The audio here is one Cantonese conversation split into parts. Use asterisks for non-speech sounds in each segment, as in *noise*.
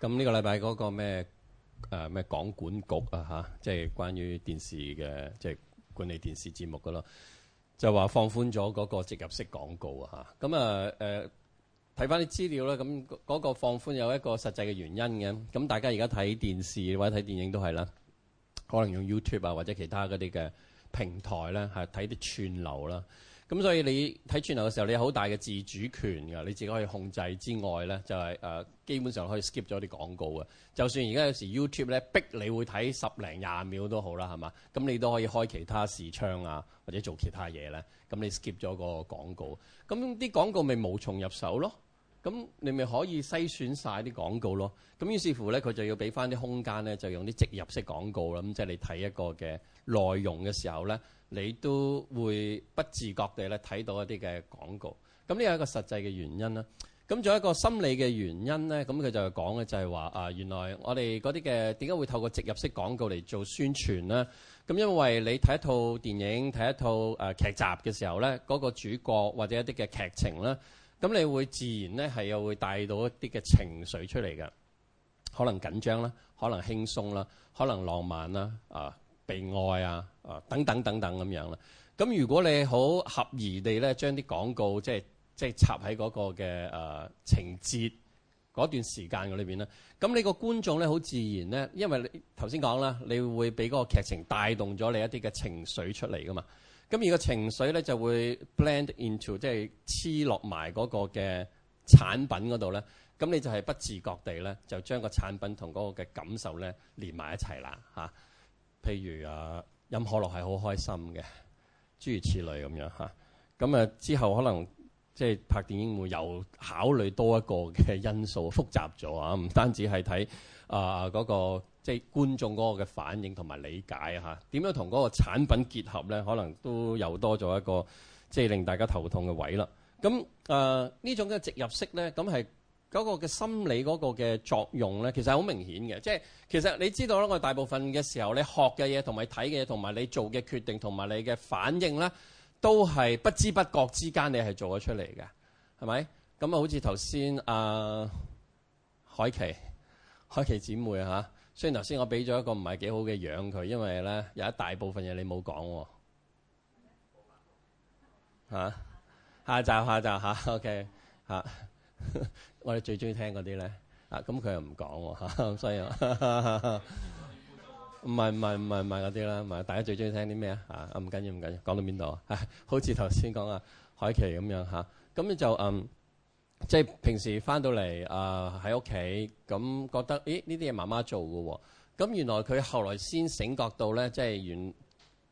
咁呢個禮拜嗰個咩誒咩港管局啊嚇，即係關於電視嘅，即係管理電視節目噶咯，就話放寬咗嗰個植入式廣告啊嚇。咁啊誒睇翻啲資料啦。咁嗰個放寬有一個實際嘅原因嘅。咁大家而家睇電視或者睇電影都係啦，可能用 YouTube 啊或者其他嗰啲嘅平台咧，係睇啲串流啦。咁所以你睇串流嘅時候，你有好大嘅自主權㗎，你自己可以控制之外咧，就係、呃、基本上可以 skip 咗啲廣告嘅。就算而家有時 YouTube 咧逼你會睇十零廿秒都好啦，係嘛？咁你都可以開其他視窗啊，或者做其他嘢咧。咁你 skip 咗個廣告，咁啲廣告咪無從入手咯。咁你咪可以篩選曬啲廣告咯。咁於是乎咧，佢就要俾翻啲空間咧，就用啲植入式廣告啦。咁即係你睇一個嘅內容嘅時候咧。你都會不自覺地咧睇到一啲嘅廣告，咁呢係一個實際嘅原因啦。咁仲有一個心理嘅原因呢，咁佢就係講嘅就係話啊，原來我哋嗰啲嘅點解會透過植入式廣告嚟做宣傳咧？咁因為你睇一套電影、睇一套誒、啊、劇集嘅時候呢，嗰、嗰個主角或者一啲嘅劇情啦，咁你會自然呢係又會帶到一啲嘅情緒出嚟嘅，可能緊張啦，可能輕鬆啦，可能浪漫啦，啊。被愛啊，啊等等等等咁樣啦。咁如果你好合宜地咧，將啲廣告即係即係插喺嗰個嘅誒、呃、情節嗰段時間嗰裏邊咧，咁你個觀眾咧好自然咧，因為你頭先講啦，你會俾嗰個劇情帶動咗你一啲嘅情緒出嚟噶嘛。咁而個情緒咧就會 blend into 即係黐落埋嗰個嘅產品嗰度咧，咁你就係不自覺地咧就將個產品同嗰個嘅感受咧連埋一齊啦，吓。譬如啊飲可樂係好開心嘅，諸如此類咁樣吓，咁啊，之後可能即係拍電影會又考慮多一個嘅因素，複雜咗啊！唔單止係睇啊嗰個即係觀眾嗰個嘅反應同埋理解吓點樣同嗰個產品結合咧？可能都有多咗一個即係令大家頭痛嘅位啦。咁啊呢種嘅植入式咧，咁係。嗰、那個嘅心理嗰個嘅作用咧，其實好明顯嘅。即係其實你知道咧，我大部分嘅時候你學嘅嘢同埋睇嘅嘢，同埋你做嘅決定同埋你嘅反應咧，都係不知不覺之間你係做咗出嚟嘅，係咪？咁啊，好似頭先啊，海琪、海琪姐妹嚇、啊。雖然頭先我俾咗一個唔係幾好嘅樣佢，因為咧有一大部分嘢你冇講喎。下集下集嚇、啊，OK 嚇、啊。 *laughs* 我哋最中意聽嗰啲咧啊，咁佢又唔講喎嚇，所以唔係唔係唔係唔係嗰啲啦，唔係大家最中意聽啲咩啊？啊唔緊要唔緊要，講到邊度啊？好似頭先講啊，海琪咁樣嚇，咁咧就嗯，即係平時翻到嚟啊喺屋企咁覺得，誒呢啲嘢媽媽做嘅喎，咁原來佢後來先醒覺到咧，即係原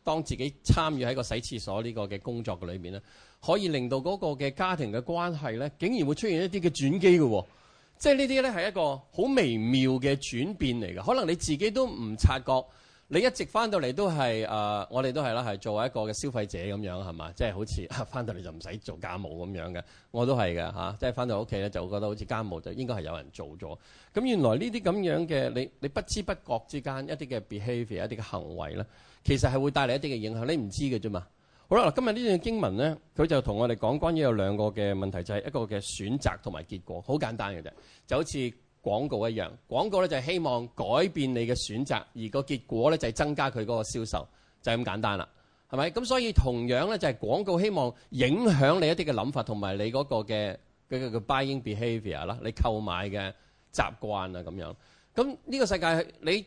當自己參與喺個洗廁所呢個嘅工作嘅裏面咧。可以令到嗰個嘅家庭嘅關係咧，竟然會出現一啲嘅轉機嘅，哦，即係呢啲咧係一個好微妙嘅轉變嚟嘅。可能你自己都唔察覺，你一直翻到嚟都係誒、呃，我哋都係啦，係作為一個嘅消費者咁樣係嘛，即係、就是、好似翻到嚟就唔使做家務咁樣嘅，我都係嘅嚇。即係翻到屋企咧，就會、是、覺得好似家務就應該係有人做咗。咁原來呢啲咁樣嘅你你不知不覺之間一啲嘅 behaviour，一啲嘅行為咧，其實係會帶嚟一啲嘅影響，你唔知嘅啫嘛。好啦，今日呢段經文咧，佢就同我哋講關於有兩個嘅問題，就係一個嘅選擇同埋結果，好簡單嘅啫，就好似廣告一樣。廣告咧就係希望改變你嘅選擇，而個結果咧就係增加佢嗰個銷售，就係咁簡單啦，係咪？咁所以同樣咧就係廣告希望影響你一啲嘅諗法，同埋你嗰個嘅嘅嘅 buying behavior 啦，你購買嘅習慣啊咁樣。咁呢個世界你，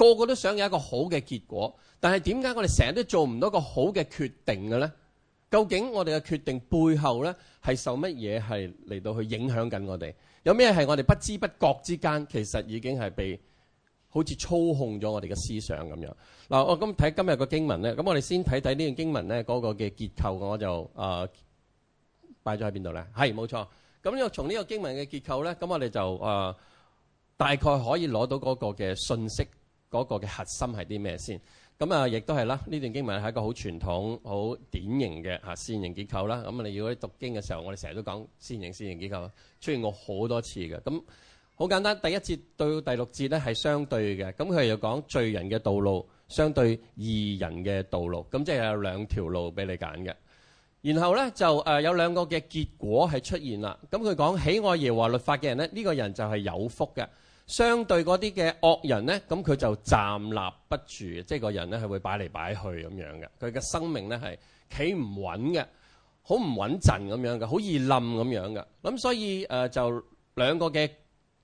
個個都想有一個好嘅結果，但係點解我哋成日都做唔到一個好嘅決定嘅咧？究竟我哋嘅決定背後咧，係受乜嘢係嚟到去影響緊我哋？有咩係我哋不知不覺之間其實已經係被好似操控咗我哋嘅思想咁樣？嗱，我今睇今日嘅經文咧，咁我哋先睇睇呢段經文咧嗰個嘅結構，我就啊擺咗喺邊度咧。係冇錯，咁又從呢個經文嘅結構咧，咁我哋就啊、呃、大概可以攞到嗰個嘅信息。嗰、那個嘅核心係啲咩先？咁啊，亦都係啦。呢段經文係一個好傳統、好典型嘅線型結構啦。咁你要讀經嘅時候，我哋成日都講線型線型結構出現過好多次嘅。咁好簡單，第一節到第六節咧係相對嘅。咁佢又講罪人嘅道路相對義人嘅道路。咁即係有兩條路俾你揀嘅。然後呢，就誒有兩個嘅結果係出現啦。咁佢講喜愛耶和華律法嘅人呢，呢、這個人就係有福嘅。相對嗰啲嘅惡人呢，咁佢就站立不住，即係個人呢係會擺嚟擺去咁樣嘅，佢嘅生命呢係企唔穩嘅，好唔穩陣咁樣嘅，好易冧咁樣嘅。咁所以誒就兩個嘅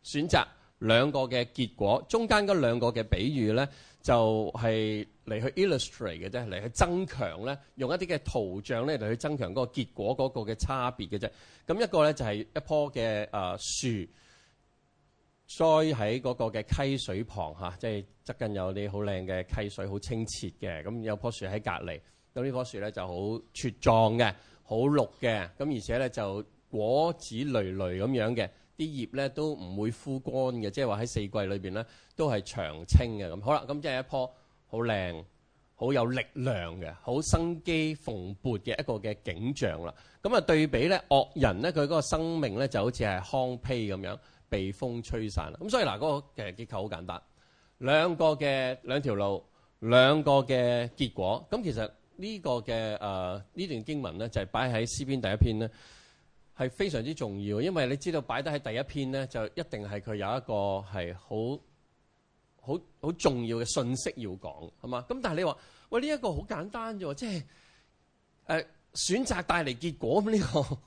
選擇，兩個嘅結果，中間嗰兩個嘅比喻呢，就係嚟去 illustrate 嘅啫，嚟去增強呢，用一啲嘅圖像呢嚟去增強嗰個結果嗰個嘅差別嘅啫。咁一個呢，就係一棵嘅誒樹。栽喺嗰個嘅溪水旁嚇，即係側近有啲好靚嘅溪水，好清澈嘅。咁有棵樹喺隔籬，咁呢棵樹咧就好茁壯嘅，好綠嘅。咁而且咧就果子累累咁樣嘅，啲葉咧都唔會枯乾嘅，即係話喺四季裏邊咧都係長青嘅。咁好啦，咁即係一棵好靚、好有力量嘅、好生機蓬勃嘅一個嘅景象啦。咁啊對比咧惡人咧，佢嗰個生命咧就好似係糠秕咁樣。被風吹散啦，咁所以嗱，嗰個嘅結構好簡單，兩個嘅兩條路，兩個嘅結果。咁其實呢個嘅誒呢段經文咧，就係擺喺詩篇第一篇咧，係非常之重要，因為你知道擺得喺第一篇咧，就一定係佢有一個係好好好重要嘅信息要講，係嘛？咁但係你話喂，呢一個好簡單啫，即係誒選擇帶嚟結果咁呢個。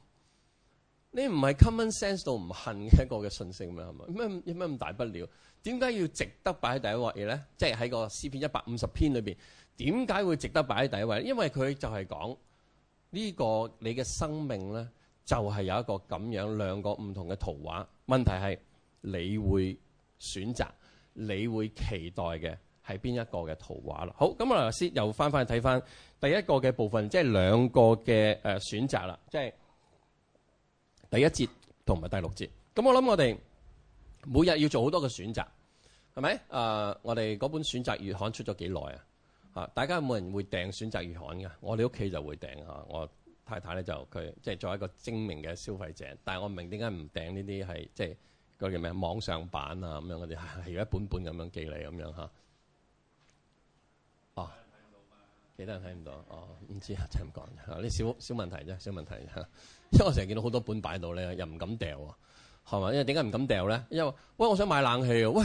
你唔係 common sense 到唔恨嘅一個嘅信息咩？係咪？有咩有咩咁大不了？點解要值得擺喺第一位咧？即係喺個詩篇一百五十篇裏邊，點解會值得擺喺第一位？因為佢就係講呢個你嘅生命咧，就係有一個咁樣兩個唔同嘅圖畫。問題係你會選擇，你會期待嘅係邊一個嘅圖畫咯？好，咁我先又翻翻去睇翻第一個嘅部分，即係兩個嘅誒選擇啦，即係。第一節同埋第六節，咁我諗我哋每日要做好多嘅選擇，係咪、呃？我哋嗰本選擇月刊出咗幾耐啊？大家有冇人會訂選擇月刊嘅？我哋屋企就會訂嚇，我太太咧就佢即係作為一個精明嘅消費者，但係我唔明點解唔訂呢啲係即係個叫咩網上版啊咁樣嗰啲係一本本咁樣寄嚟咁樣嚇。哦，幾多人睇唔到，到？哦，唔知啊，就唔講講啲小小問題啫，小問題因為我成日見到好多本擺喺度咧，又唔敢掉啊，係嘛？因為點解唔敢掉咧？因為喂，我想買冷氣喎。喂，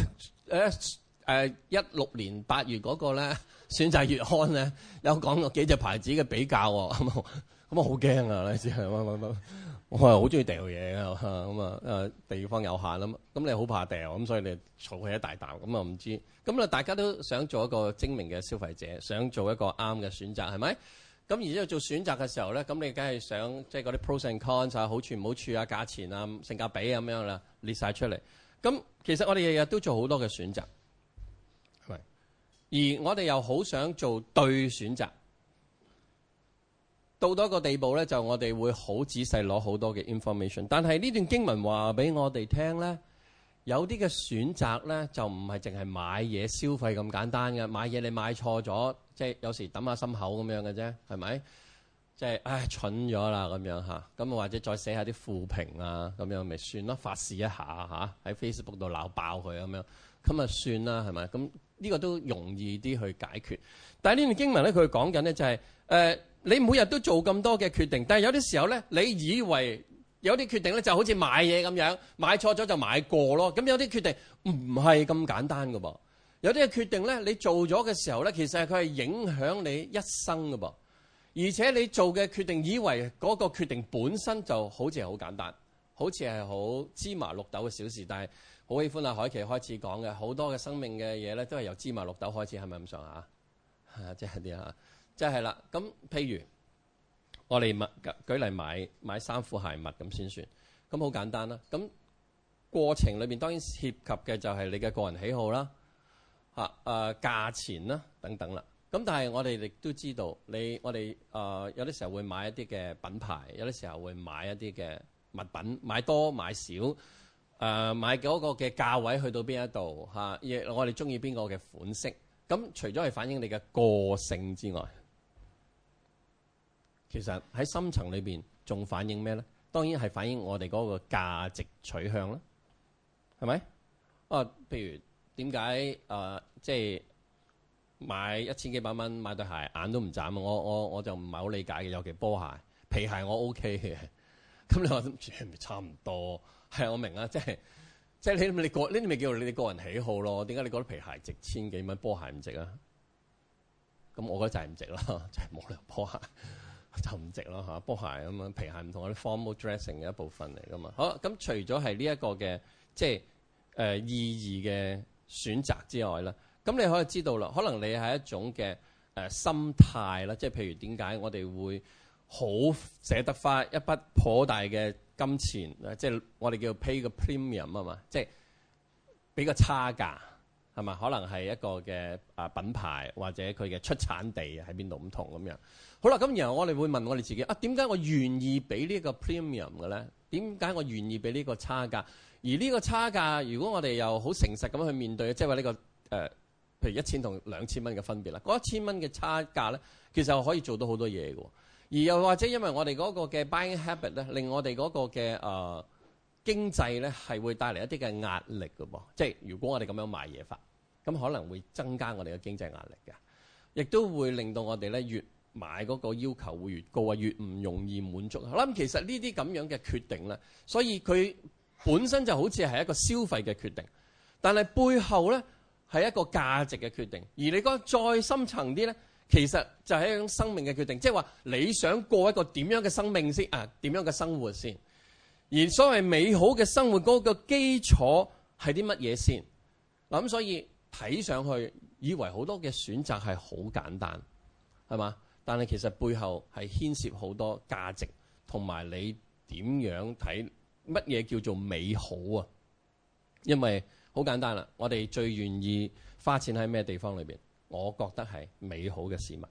誒、呃、誒，一六年八月嗰個咧選擇月刊咧，有講過幾隻牌子嘅比較喎。咁啊，好驚啊！你知係嘛，我係好中意掉嘢嘅，咁啊，誒地方有限啦嘛，咁你好怕掉，咁所以你儲起一大啖。咁啊唔知。咁啊，大家都想做一個精明嘅消費者，想做一個啱嘅選擇，係咪？咁然之後做選擇嘅時候咧，咁你梗係想即係嗰啲 pros and cons 啊，好處唔好處啊，價錢啊，性價比咁樣啦，列晒出嚟。咁其實我哋日日都做好多嘅選擇，係。而我哋又好想做對選擇，到到一個地步咧，就我哋會好仔細攞好多嘅 information。但係呢段經文話俾我哋聽咧，有啲嘅選擇咧就唔係淨係買嘢消費咁簡單嘅，買嘢你買錯咗。即係有時揼下心口咁樣嘅啫，係咪？即係唉，蠢咗啦咁樣吓，咁啊或者再寫下啲負評啊，咁樣咪算咯，發洩一下吓，喺 Facebook 度鬧爆佢咁樣，咁啊算啦，係咪？咁呢個都容易啲去解決。但係呢段經文咧，佢講緊咧就係誒，你每日都做咁多嘅決定，但係有啲時候咧，你以為有啲決定咧就好似買嘢咁樣，買錯咗就買過咯。咁有啲決定唔係咁簡單噶噃。有啲嘅決定咧，你做咗嘅時候咧，其實係佢係影響你一生㗎噃。而且你做嘅決定，以為嗰個決定本身就好似係好簡單，好似係好芝麻綠豆嘅小事。但係好喜歡阿海琪開始講嘅好多嘅生命嘅嘢咧，都係由芝麻綠豆開始，係咪咁上下？即係啲嚇，即係啦。咁譬如我哋舉例買買衫褲鞋襪咁先算，咁好簡單啦。咁過程裏面當然涉及嘅就係你嘅個人喜好啦。嚇、啊！誒、啊、價錢啦，等等啦。咁但係我哋亦都知道，你我哋誒、啊、有啲時候會買一啲嘅品牌，有啲時候會買一啲嘅物品，買多買少，誒、啊、買嗰個嘅價位去到邊一度嚇？我哋中意邊個嘅款式。咁、啊、除咗係反映你嘅個性之外，其實喺深層裏邊仲反映咩呢？當然係反映我哋嗰個價值取向啦，係咪？啊，譬如。點解誒？即、呃、係、就是、買一千幾百蚊買對鞋，眼都唔眨。我我我就唔係好理解嘅，尤其波鞋、皮鞋我 OK 嘅。咁你話都唔知係咪差唔多，係我明啊！即係即係你你個呢啲咪叫做你哋個人喜好咯？點解你覺得皮鞋值千幾蚊，波鞋唔值啊？咁我覺得就係唔值啦，就冇、是、理由波鞋就唔值啦嚇。波鞋咁樣皮鞋唔同，啲 formal dressing 嘅一部分嚟噶嘛。好咁，那除咗係呢一個嘅即係誒意義嘅，選擇之外啦，咁你可以知道啦。可能你係一種嘅誒心態啦，即係譬如點解我哋會好捨得花一筆頗大嘅金錢，即係我哋叫 pay 個 premium 啊嘛，即係俾個差價係咪？可能係一個嘅啊品牌或者佢嘅出產地喺邊度唔同咁樣。好啦，咁然後我哋會問我哋自己啊，點解我願意俾呢個 premium 嘅咧？點解我願意俾呢個差價？而呢個差價，如果我哋又好誠實咁去面對，即係話呢個誒，譬如一千同兩千蚊嘅分別啦，嗰一千蚊嘅差價咧，其實可以做到好多嘢嘅。而又或者因為我哋嗰個嘅 buying habit 咧，令我哋嗰個嘅誒經濟咧係會帶嚟一啲嘅壓力嘅噃。即係如果我哋咁樣買嘢法，咁可能會增加我哋嘅經濟壓力嘅，亦都會令到我哋咧越買嗰個要求會越高啊，越唔容易滿足。我諗咁其實呢啲咁樣嘅決定咧，所以佢本身就好似係一個消費嘅決定，但係背後咧係一個價值嘅決定，而你覺得再深層啲咧，其實就係一種生命嘅決定，即係話你想過一個點樣嘅生命先啊？點樣嘅生活先？而所謂美好嘅生活嗰個基礎係啲乜嘢先？咁所以睇上去以為好多嘅選擇係好簡單，係嘛？但係其實背後係牽涉好多價值同埋你點樣睇。乜嘢叫做美好啊？因為好簡單啦，我哋最願意花錢喺咩地方裏邊？我覺得係美好嘅事物。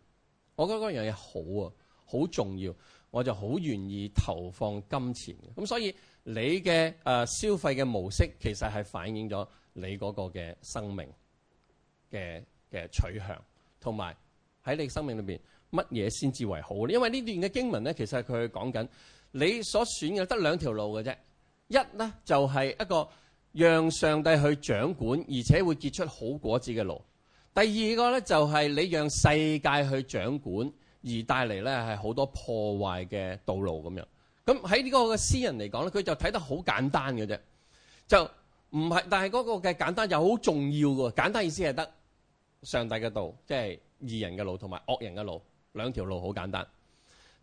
我覺得嗰樣嘢好啊，好重要。我就好願意投放金錢。咁所以你嘅誒消費嘅模式，其實係反映咗你嗰個嘅生命嘅嘅取向，同埋喺你生命裏邊乜嘢先至為好呢？因為呢段嘅經文咧，其實佢講緊。你所選嘅得兩條路嘅啫，一呢，就係一個讓上帝去掌管，而且會結出好果子嘅路。第二個呢，就係你讓世界去掌管，而帶嚟呢係好多破壞嘅道路咁樣。咁喺呢個嘅詩人嚟講呢，佢就睇得好簡單嘅啫，就唔係，但係嗰個嘅簡單又好重要嘅。簡單意思係得上帝嘅道，即係義人嘅路同埋惡人嘅路兩條路好簡單，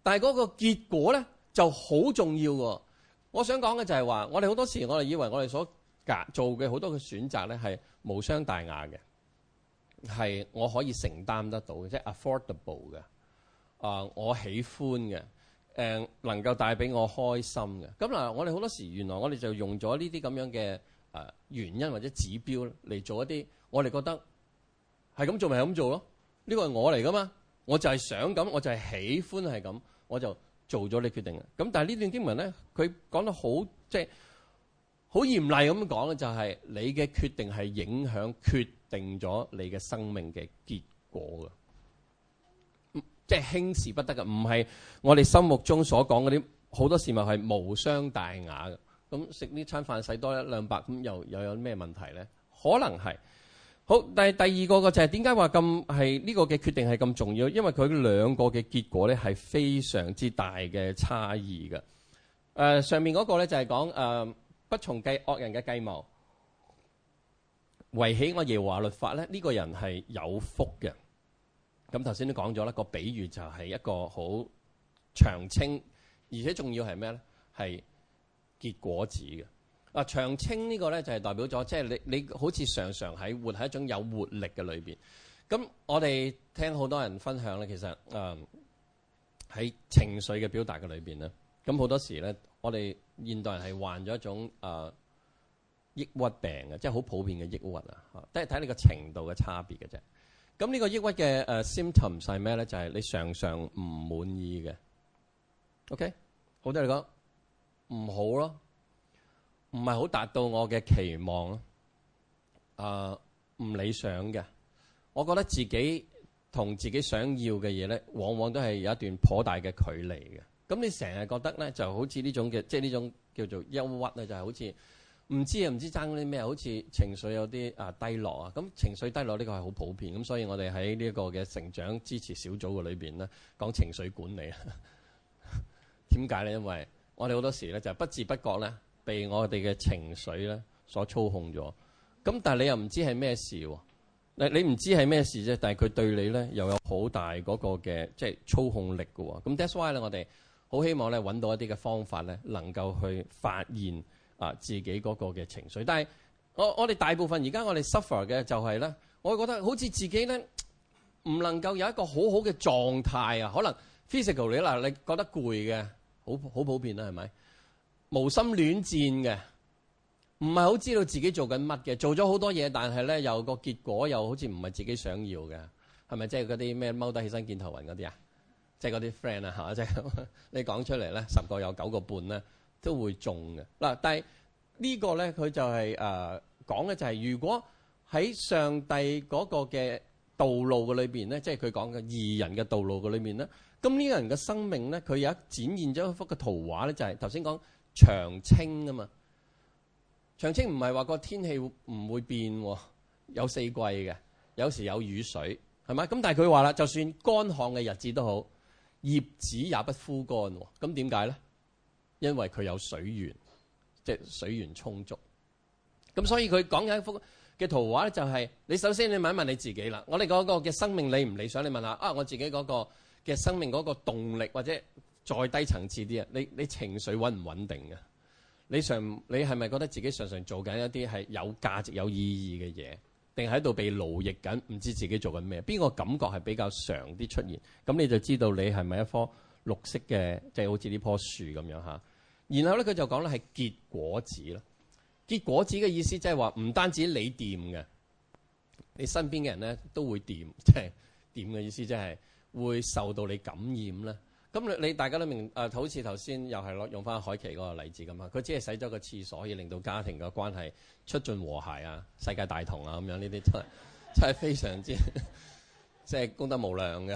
但係嗰個結果呢。就好重要喎！我想講嘅就係話，我哋好多時我哋以為我哋所做嘅好多嘅選擇咧，係無傷大雅嘅，係我可以承擔得到嘅，即係 affordable 嘅，啊，我喜歡嘅，誒，能夠帶俾我開心嘅。咁嗱，我哋好多時原來我哋就用咗呢啲咁樣嘅誒原因或者指標嚟做一啲我哋覺得係咁做咪係咁做咯？呢個係我嚟噶嘛？我就係想咁，我就係喜歡係咁，我就。做咗你決定嘅，咁但係呢段經文咧，佢講得好，即係好嚴厲咁講嘅，就係你嘅決定係影響決定咗你嘅生命嘅結果嘅，即係輕視不得嘅，唔係我哋心目中所講嗰啲好多事物係無傷大雅嘅。咁食呢餐飯使多一兩百，咁又又有咩問題咧？可能係。好，但第二個嘅就係點解話咁係呢個嘅決定係咁重要？因為佢兩個嘅結果咧係非常之大嘅差異嘅。誒、呃，上面嗰個咧就係講誒、呃、不從計惡人嘅計謀，維起我耶和華律法咧，呢、呢個人係有福嘅。咁頭先都講咗啦，嗰個比喻就係一個好長青，而且重要係咩咧？係結果子嘅。嗱，長青呢個咧就係代表咗，即係你你好似常常喺活喺一種有活力嘅裏邊。咁我哋聽好多人分享咧，其實誒喺情緒嘅表達嘅裏邊咧，咁好多時咧，我哋現代人係患咗一種誒抑鬱病嘅，即係好普遍嘅抑鬱啊，都係睇你個程度嘅差別嘅啫。咁呢個抑鬱嘅誒 symptom 係咩咧？就係你常常唔滿意嘅。OK，好多人講唔好咯。唔係好達到我嘅期望啊，唔、呃、理想嘅，我覺得自己同自己想要嘅嘢咧，往往都係有一段頗大嘅距離嘅。咁你成日覺得咧，就好似呢種嘅，即係呢種叫做憂鬱咧，就係、是、好似唔知啊，唔知爭啲咩，好似情緒有啲啊低落啊。咁情緒低落呢個係好普遍，咁所以我哋喺呢一個嘅成長支持小組嘅裏邊咧，講情緒管理啊。點解咧？因為我哋好多時咧，就係不知不覺咧。被我哋嘅情緒咧所操控咗，咁但係你又唔知係咩事喎？你唔知係咩事啫，但係佢對你咧又有好大嗰個嘅即係操控力嘅喎。咁 that's why 咧，我哋好希望咧揾到一啲嘅方法咧，能夠去發現啊自己嗰個嘅情緒。但係我我哋大部分而家我哋 suffer 嘅就係咧，我覺得好似自己咧唔能夠有一個好好嘅狀態啊。可能 physical 你嗱，你覺得攰嘅，好好普遍啦，係咪？無心戀戰嘅，唔係好知道自己做緊乜嘅，做咗好多嘢，但係咧有個結果，又好似唔係自己想要嘅，係咪？即係嗰啲咩踎低起身見頭暈嗰啲啊？即係嗰啲 friend 啊，係即係你講出嚟咧，十個有九個半咧都會中嘅。嗱，但係呢他、就是呃就是、個咧，佢就係誒講咧，就係如果喺上帝嗰個嘅道路嘅裏邊咧，即係佢講嘅義人嘅道路嘅裏面咧，咁呢個人嘅生命咧，佢有一展現咗一幅嘅圖畫咧，就係頭先講。長青噶嘛？長青唔係話個天氣唔會變，有四季嘅，有時有雨水，係咪？咁但係佢話啦，就算乾旱嘅日子都好，葉子也不枯乾。咁點解咧？因為佢有水源，即係水源充足。咁所以佢講緊一幅嘅圖畫咧，就是，就係你首先你問一問你自己啦。我哋嗰個嘅生命理唔理想？你問下啊，我自己嗰個嘅生命嗰個動力或者？再低層次啲啊！你你情緒穩唔穩定嘅？你常你係咪覺得自己常常做緊一啲係有價值有意義嘅嘢，定喺度被勞役緊？唔知自己做緊咩？邊個感覺係比較常啲出現？咁你就知道你係咪一棵綠色嘅，即係好似呢樖樹咁樣嚇？然後咧，佢就講咧係結果子啦。結果子嘅意思即係話唔單止你掂嘅，你身邊嘅人咧都會掂，即係掂嘅意思即係會受到你感染咧。咁你，你大家都明，誒、啊，好似頭先又係攞用翻海琪嗰個例子咁啊，佢只係洗咗個廁所，以令到家庭嘅關係出盡和諧啊，世界大同啊，咁樣呢啲真係真係非常之即係功德無量嘅。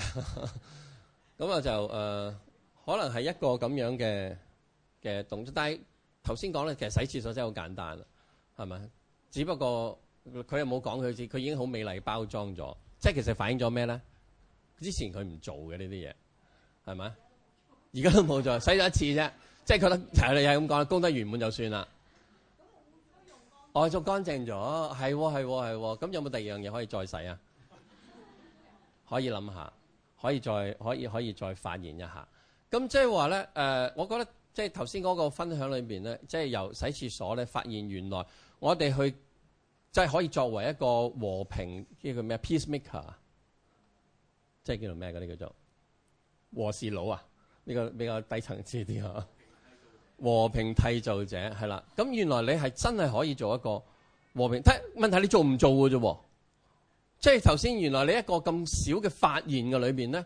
咁啊就誒、呃，可能係一個咁樣嘅嘅動作。但係頭先講咧，其實洗廁所真係好簡單，係咪？只不過佢又冇講佢，佢已經好美麗包裝咗。即係其實反映咗咩咧？之前佢唔做嘅呢啲嘢，係咪？而家都冇再洗咗一次啫，即係覺得係你係咁講，功德圓滿就算啦。外宿乾淨咗，係喎係喎係喎，咁、哦哦哦哦、有冇第二樣嘢可以再洗啊？ *laughs* 可以諗下，可以再可以可以再發言一下。咁即係話咧，誒、呃，我覺得即係頭先嗰個分享裏邊咧，即係由洗廁所咧發現原來我哋去即係可以作為一個和平即係叫咩 peace maker，即係叫，叫做咩嗰啲叫做和事佬啊。呢個比較低層次啲啊。和平締造者係啦。咁原來你係真係可以做一個和平。但問題你做唔做嘅啫喎？即係頭先原來你一個咁少嘅發現嘅裏邊咧，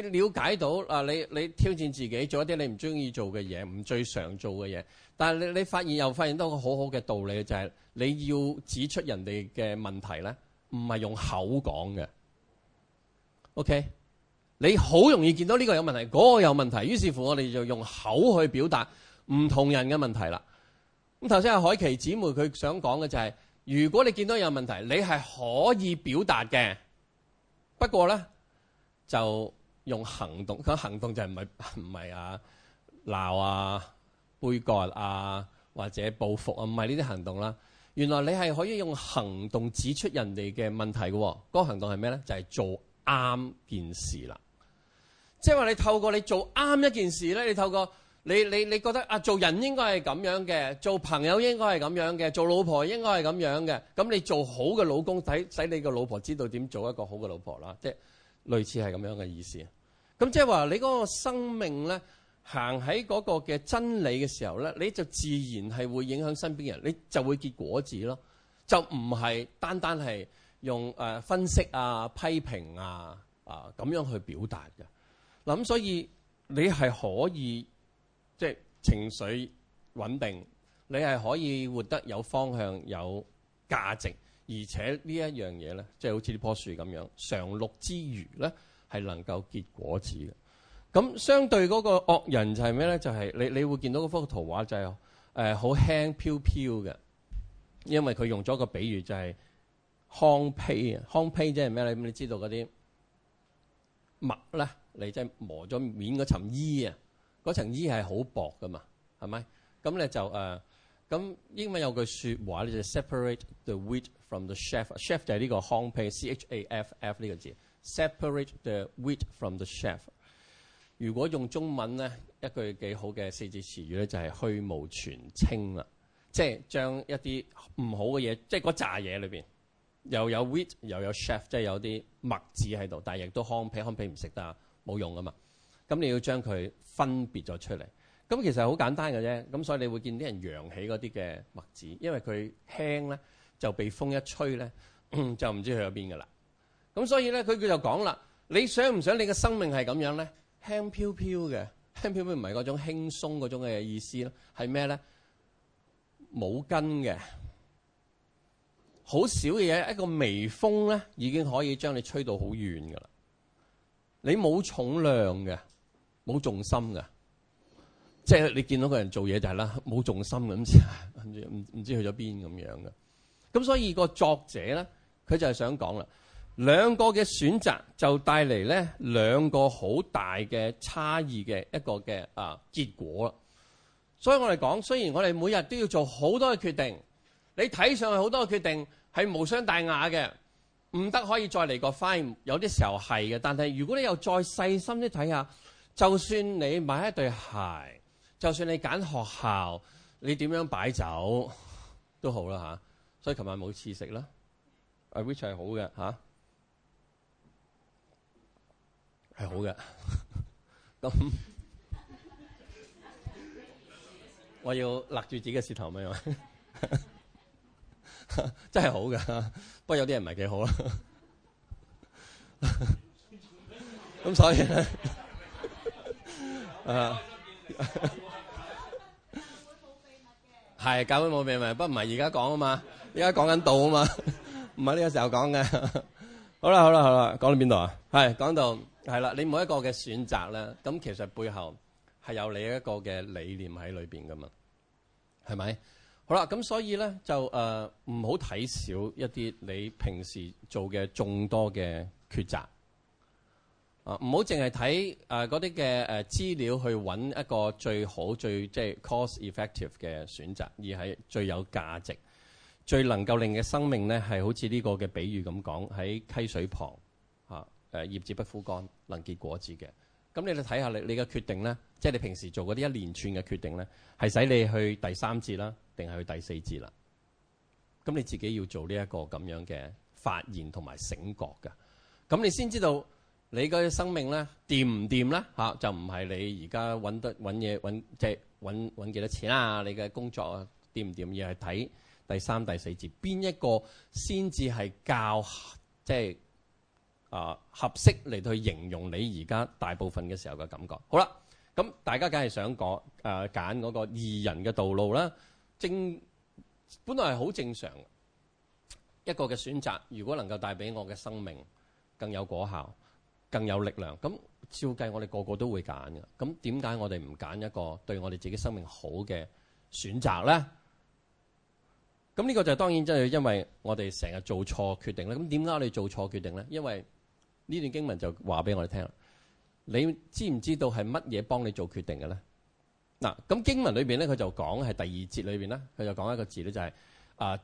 你了解到嗱，你你挑戰自己做一啲你唔中意做嘅嘢，唔最常做嘅嘢。但係你你發現又發現到一個好好嘅道理就係，你要指出人哋嘅問題咧，唔係用口講嘅。OK。你好容易見到呢個有問題，嗰個有問題，於是乎我哋就用口去表達唔同人嘅問題啦。咁頭先阿海琪姊妹佢想講嘅就係，如果你見到有問題，你係可以表達嘅，不過咧就用行動，個行動就唔係唔係啊鬧啊、杯葛啊或者報復啊，唔係呢啲行動啦。原來你係可以用行動指出人哋嘅問題嘅。嗰個行動係咩咧？就係做啱件事啦。即係話你透過你做啱一件事咧，你透過你你你覺得啊，做人應該係咁樣嘅，做朋友應該係咁樣嘅，做老婆應該係咁樣嘅，咁你做好嘅老公，使使你個老婆知道點做一個好嘅老婆啦，即係類似係咁樣嘅意思。咁即係話你嗰個生命咧，行喺嗰個嘅真理嘅時候咧，你就自然係會影響身邊人，你就會結果子咯，就唔係單單係用誒分析啊、批評啊啊咁樣去表達嘅。咁所以你係可以即係、就是、情緒穩定，你係可以活得有方向、有價值，而且呢一樣嘢咧，即、就、係、是、好似呢棵樹咁樣，常綠之餘咧，係能夠結果子嘅。咁相對嗰個惡人就係咩咧？就係、是、你你會見到嗰幅圖畫就係誒好輕飄飄嘅，因為佢用咗個比喻就係、是、糠皮啊，糠皮即係咩咧？你知道嗰啲麥啦。你即係磨咗面嗰層衣啊，嗰層衣係好薄噶嘛，係咪咁咧？就誒咁、呃、英文有句説話咧就 separate the wheat from the chaff chaff 就係呢個糠秕 c h a f f 呢個字，separate the wheat from the chaff。如果用中文咧一句幾好嘅四字詞語咧就係去蕪存菁啦。即係將一啲唔好嘅嘢，即係嗰紮嘢裏邊又有 wheat 又有 chaff，即係有啲麥子喺度，但係亦都糠秕糠秕，唔食得。冇用啊嘛！咁你要將佢分別咗出嚟。咁其實好簡單嘅啫。咁所以你會見啲人揚起嗰啲嘅墨紙，因為佢輕咧，就被風一吹咧，就唔知去咗邊噶啦。咁所以咧，佢佢就講啦：你想唔想你嘅生命係咁樣咧？輕飄飄嘅，輕飄飄唔係嗰種輕鬆嗰種嘅意思咯，係咩咧？冇根嘅，好少嘅嘢，一個微風咧，已經可以將你吹到好遠噶啦。你冇重量嘅，冇重心嘅，即係你見到個人做嘢就係啦，冇重心咁，唔唔知去咗邊咁樣嘅。咁所以個作者咧，佢就係想講啦，兩個嘅選擇就帶嚟咧兩個好大嘅差異嘅一個嘅啊結果啦。所以我哋講，雖然我哋每日都要做好多嘅決定，你睇上去好多嘅決定係無傷大雅嘅。唔得可以再嚟個 fine，有啲時候係嘅。但係如果你又再細心啲睇下，就算你買一對鞋，就算你揀學校，你點樣擺酒都好啦吓、啊，所以琴晚冇次食啦。Good，啊，which 係好嘅吓，係好嘅。咁我要勒住自己嘅舌頭咩？ *laughs* *laughs* 真係好㗎，不過有啲人唔係幾好啦。咁 *laughs* 所以咧，啊， *laughs* *laughs* *laughs* *laughs* *laughs* 係 *laughs* 教會冇秘密嘅，不唔係而家講啊嘛，而家講緊道啊嘛，唔係呢個時候講嘅。 *laughs* 好啦好啦好啦，講到邊度啊？係講到係啦，你每一個嘅選擇咧，咁其實背後係有你一個嘅理念喺裏邊噶嘛，係咪？好啦，咁所以咧就誒唔好睇少一啲你平時做嘅眾多嘅抉擇啊，唔好淨係睇誒嗰啲嘅誒資料去揾一個最好最即係、就是、cost-effective 嘅選擇，而係最有價值、最能夠令你嘅生命咧係好似呢個嘅比喻咁講喺溪水旁嚇誒、呃、葉子不枯乾能結果子嘅。咁你哋睇下你你嘅決定咧，即係你平時做嗰啲一連串嘅決定咧，係使你去第三節啦，定係去第四節啦？咁你自己要做呢一個咁樣嘅發現同埋醒覺嘅，咁你先知道你嘅生命咧掂唔掂咧吓，就唔係你而家揾得揾嘢揾即係揾揾幾多錢啊？你嘅工作啊掂唔掂？要係睇第三、第四節邊一個先至係較即係。就是啊，合適嚟去形容你而家大部分嘅時候嘅感覺好了。好啦，咁大家梗係想講誒，揀、啊、嗰個義人嘅道路啦。正本來係好正常嘅一個嘅選擇。如果能夠帶俾我嘅生命更有果效、更有力量，咁照計我哋個個都會揀嘅。咁點解我哋唔揀一個對我哋自己生命好嘅選擇呢？咁呢個就是當然真係因為我哋成日做錯決定啦。咁點解我哋做錯決定呢？因為呢段經文就話俾我哋聽啦，你知唔知道係乜嘢幫你做決定嘅咧？嗱，咁經文裏邊咧，佢就講係第二節裏邊咧，佢就講一個字咧、就係，就係啊，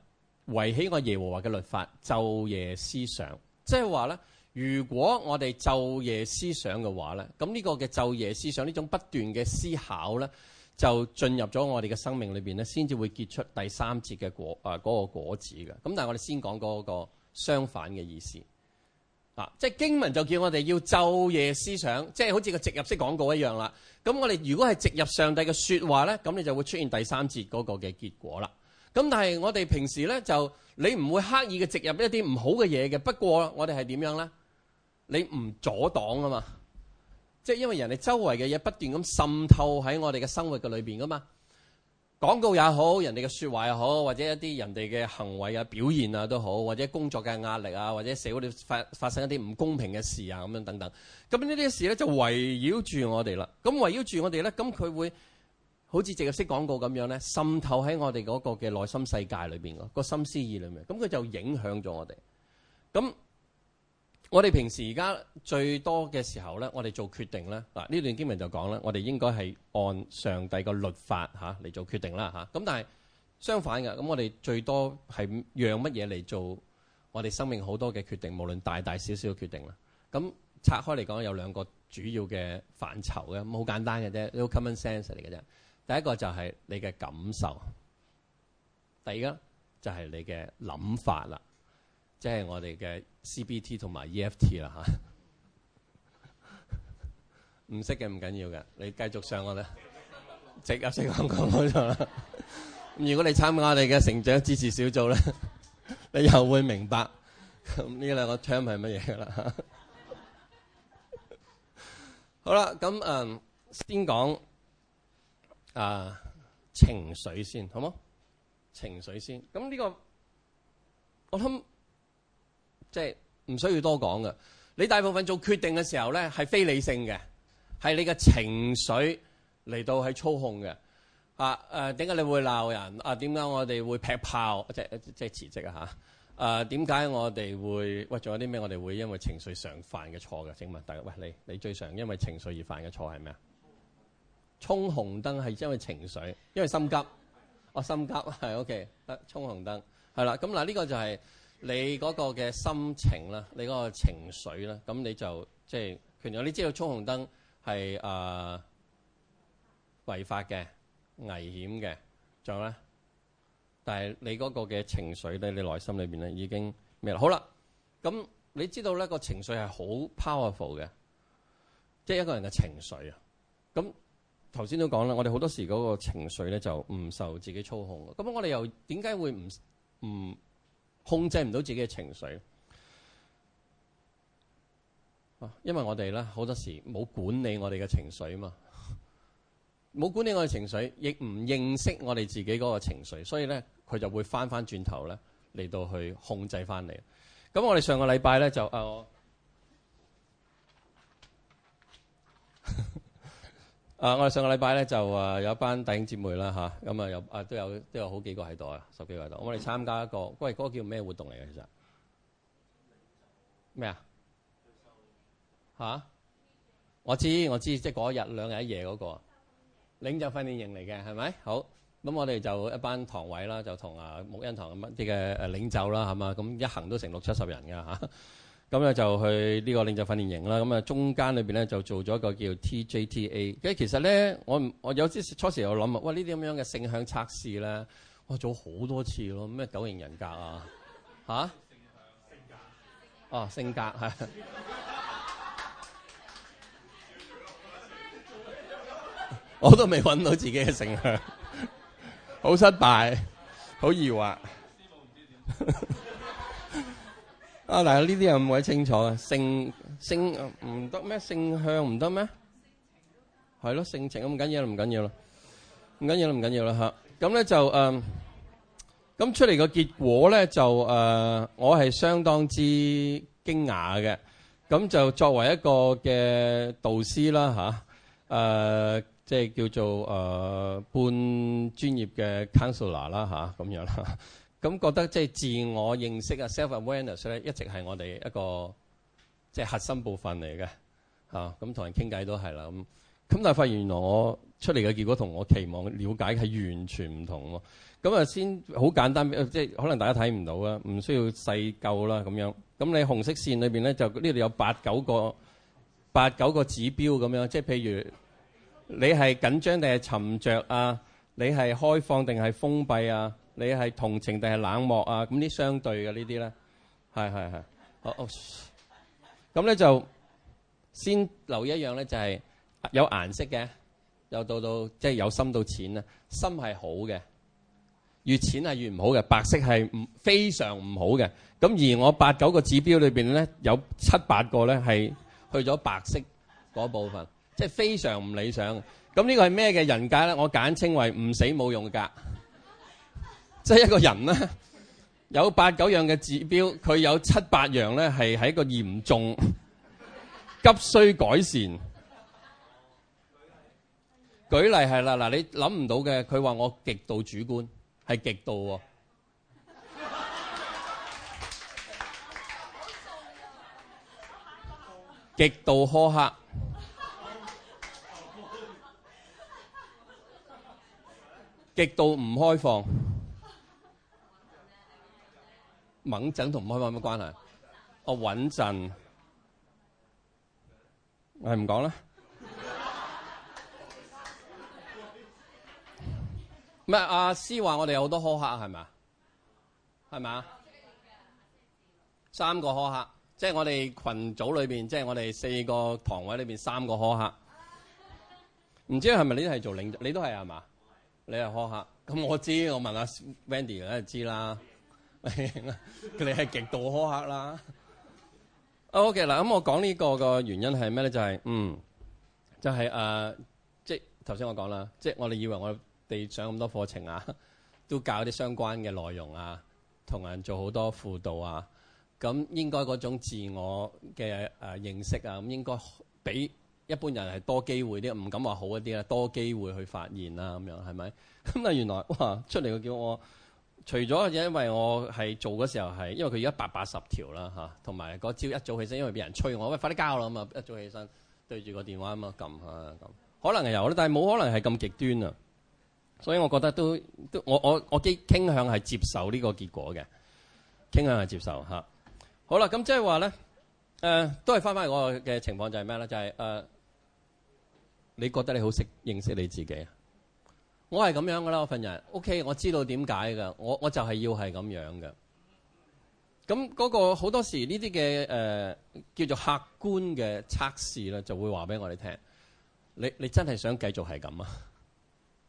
惟喜愛耶和華嘅律法，晝夜思想，即係話咧，如果我哋晝夜思想嘅話咧，咁呢個嘅晝夜思想呢種不斷嘅思考咧，就進入咗我哋嘅生命裏邊咧，先至會結出第三節嘅果啊嗰、嗰個果子嘅。咁但係我哋先講嗰、嗰個嗰個相反嘅意思。嗱，即係經文就叫我哋要晝夜思想，即係好似個植入式廣告一樣啦。咁我哋如果係植入上帝嘅說話咧，咁你就會出現第三節嗰個嘅結果啦。咁但係我哋平時咧就你唔會刻意嘅植入一啲唔好嘅嘢嘅。不過我哋係點樣咧？你唔阻擋啊嘛，即係因為人哋周圍嘅嘢不斷咁滲透喺我哋嘅生活嘅裏邊噶嘛。廣告也好，人哋嘅說話也好，或者一啲人哋嘅行為啊、表現啊都好，或者工作嘅壓力啊，或者社會度發生一啲唔公平嘅事啊，咁樣等等。咁呢啲事咧就圍繞住我哋啦。咁圍繞住我哋咧，咁佢會好似植入式廣告咁樣咧，滲透喺我哋嗰個嘅內心世界裏面，個心思意裏面。咁佢就影響咗我哋。咁我哋平時而家最多嘅時候咧，我哋做決定咧，嗱呢段經文就講咧，我哋應該係按上帝個律法嚇嚟做決定啦嚇。咁但係相反嘅，咁我哋最多係讓乜嘢嚟做我哋生命好多嘅決定，無論大大少少嘅決定啦。咁拆開嚟講，有兩個主要嘅範疇嘅，咁好簡單嘅啫，都、no、common sense 嚟嘅啫。第一個就係你嘅感受，第二個就係你嘅諗法啦。即是我們的、啊、的係我哋嘅 CBT 同埋 EFT 啦嚇，唔識嘅唔緊要嘅，你繼續上我啦，直入直講講冇錯啦。咁如果你參加我哋嘅成長支持小組咧、啊，你又會明白呢兩個 term 係乜嘢嘅啦。好啦，咁誒先講啊情緒先，好冇？情緒先，咁呢、這個我諗。即係唔需要多講嘅。你大部分做決定嘅時候咧係非理性嘅，係你嘅情緒嚟到去操控嘅。啊誒，呃，點解你會鬧人？啊，點解我哋會劈炮？即係即係辭職啊嚇！誒、啊，點解我哋會喂？仲有啲咩？我哋會因為情緒常犯嘅錯嘅？請問大家，喂，你你最常因為情緒而犯嘅錯係咩啊？衝紅燈係因為情緒，因為心急。嗯、哦，心急係、嗯、OK。得衝紅燈係啦。咁嗱，呢個就係、是。你嗰個嘅心情啦，你嗰個情緒啦，咁你就即係，其實你知道衝紅燈係誒、呃、違法嘅、危險嘅，仲有咧。但係你嗰個嘅情緒咧，你內心裏邊咧已經咩啦？好啦，咁你知道咧、個情緒係好 powerful 嘅，即、就、係、是、一個人嘅情緒啊。咁頭先都講啦，我哋好多時嗰個情緒咧就唔受自己操控。咁我哋又點解會唔唔？不控制唔到自己嘅情緒，因為我哋咧好多時冇管理我哋嘅情緒啊嘛，冇管理我嘅情緒，亦唔認識我哋自己嗰個情緒，所以咧佢就會翻翻轉頭咧嚟到去控制翻你。咁我哋上個禮拜咧就誒。 *laughs* 啊！我哋上個禮拜咧就有一啊有班弟兄姊妹啦嚇，咁啊有啊都有都有好幾個喺度啊，十幾個喺度。我哋參加一個喂，嗰個叫咩活動嚟嘅其實咩啊嚇？我知我知，即係嗰日兩日一夜嗰個領袖訓練營嚟嘅係咪？好，咁我哋就一班堂委啦，就同啊牧恩堂咁啲嘅誒領袖啦係嘛，咁一行都成六七十人㗎嚇。啊咁咧就去呢個領袖訓練營啦，咁啊中間裏面咧就做咗一個叫 TJTA，咁其實咧我我有時初時我諗啊，哇呢啲咁樣嘅性向測試咧，哇做好多次咯，咩九型人格啊吓、啊？性格啊性格 *laughs* *laughs* 我都未揾到自己嘅性向，好失敗，好疑惑。 *laughs* 啊嗱，呢啲又唔鬼清楚啊！性性唔得咩？性向唔得咩？係咯，性情咁唔緊要咯，唔緊要咯，唔緊要咯，唔緊要啦嚇！咁咧就誒，咁出嚟個結果咧就誒，我係相當之驚訝嘅。咁就作為一個嘅導師啦嚇，誒即係叫做誒半專業嘅 counselor 啦嚇，咁樣啦。咁覺得即係自我認識啊，self-awareness 咧，一直係我哋一個即係核心部分嚟嘅嚇。咁、啊、同人傾偈都係啦。咁、啊、咁但係發現原來我出嚟嘅結果同我期望了解係完全唔同喎。咁啊，先好簡單，即係可能大家睇唔到啊，唔需要細究啦咁樣。咁你紅色線裏邊咧，就呢度有八九個八九個指標咁樣，即係譬如你係緊張定係沉着啊？你係開放定係封閉啊？你係同情定係冷漠啊？咁啲相對嘅呢啲咧，係係係。好，咁咧就先留意一樣咧，就係有顏色嘅，又到到即係有深到淺啦。深係好嘅，越淺係越唔好嘅。白色係唔非常唔好嘅。咁而我八九個指標裏邊咧，有七八個咧係去咗白色嗰部分，即係非常唔理想。咁呢個係咩嘅人格咧？我簡稱為唔死冇用格。即係一個人咧，有八九樣嘅指標，佢有七八樣咧係喺個嚴重急需改善。舉例係啦，嗱你諗唔到嘅，佢話我極度主觀，係極度喎，極度苛刻，極度唔開放。猛整同唔開翻有乜關係？我、啊、穩陣， *laughs* 啊、我係唔講啦。咩？阿思話我哋有好多苛客係咪？係咪？三個苛客，即、就、係、是、我哋群組裏邊，即、就、係、是、我哋四個堂位裏邊三個苛客。唔知係咪你都係做領你都係係嘛？你係苛客，咁我知，我問阿 Wendy，梗係知啦。係啊！佢哋係極度苛刻啦。OK，嗱，咁我講呢個個原因係咩咧？就係、是、嗯，就係、是、誒、呃，即係頭先我講啦，即係我哋以為我哋上咁多課程啊，都教啲相關嘅內容啊，同人做好多輔導啊，咁應該嗰種自我嘅誒、呃、認識啊，咁應該比一般人係多機會啲，唔敢話好一啲啦，多機會去發現啦、啊，咁樣係咪？咁啊原來哇，出嚟佢叫我。除咗，因為我係做嘅時候係，因為佢要一百八十條啦，吓，同埋嗰朝一早起身，因為俾人催我，喂，快啲交啦咁啊！一早起身對住個電話啊嘛，撳啊咁，可能係有啦，但係冇可能係咁極端啊。所以我覺得都都，我我我幾傾向係接受呢個結果嘅，傾向係接受吓，好啦，咁即係話咧，誒、呃、都係翻翻我嘅情況就係咩咧？就係、是、誒、呃、你覺得你好識認識你自己啊？我係咁樣噶啦，我份人，OK，我知道點解噶，我我就係要係咁樣嘅。咁嗰個好多時呢啲嘅誒叫做客觀嘅測試咧，就會話俾我哋聽。你你真係想繼續係咁啊？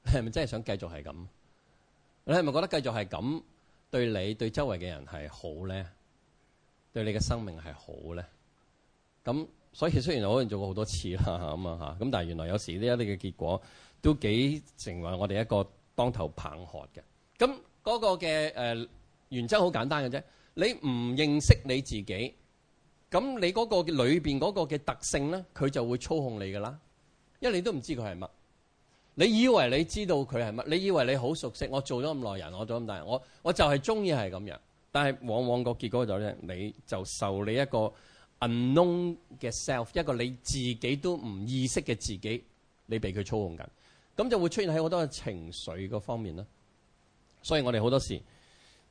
你係咪真係想繼續係咁？你係咪覺得繼續係咁對你對周圍嘅人係好咧？對你嘅生命係好咧？咁所以雖然我可能做過好多次啦，咁啊吓，咁但係原來有時呢一啲嘅結果。都幾成為我哋一個當頭棒喝嘅。咁嗰個嘅、呃、原則好簡單嘅啫。你唔認識你自己，咁你嗰個裏面嗰個嘅特性咧，佢就會操控你噶啦。因為你都唔知佢係乜，你以為你知道佢係乜，你以為你好熟悉。我做咗咁耐人，我做咁大人，我我就係中意係咁樣。但係往往個結果就係，你就受你一個 unknown 嘅 self，一個你自己都唔意識嘅自己，你被佢操控緊。咁就會出現喺好多情緒嗰方面啦，所以我哋好多時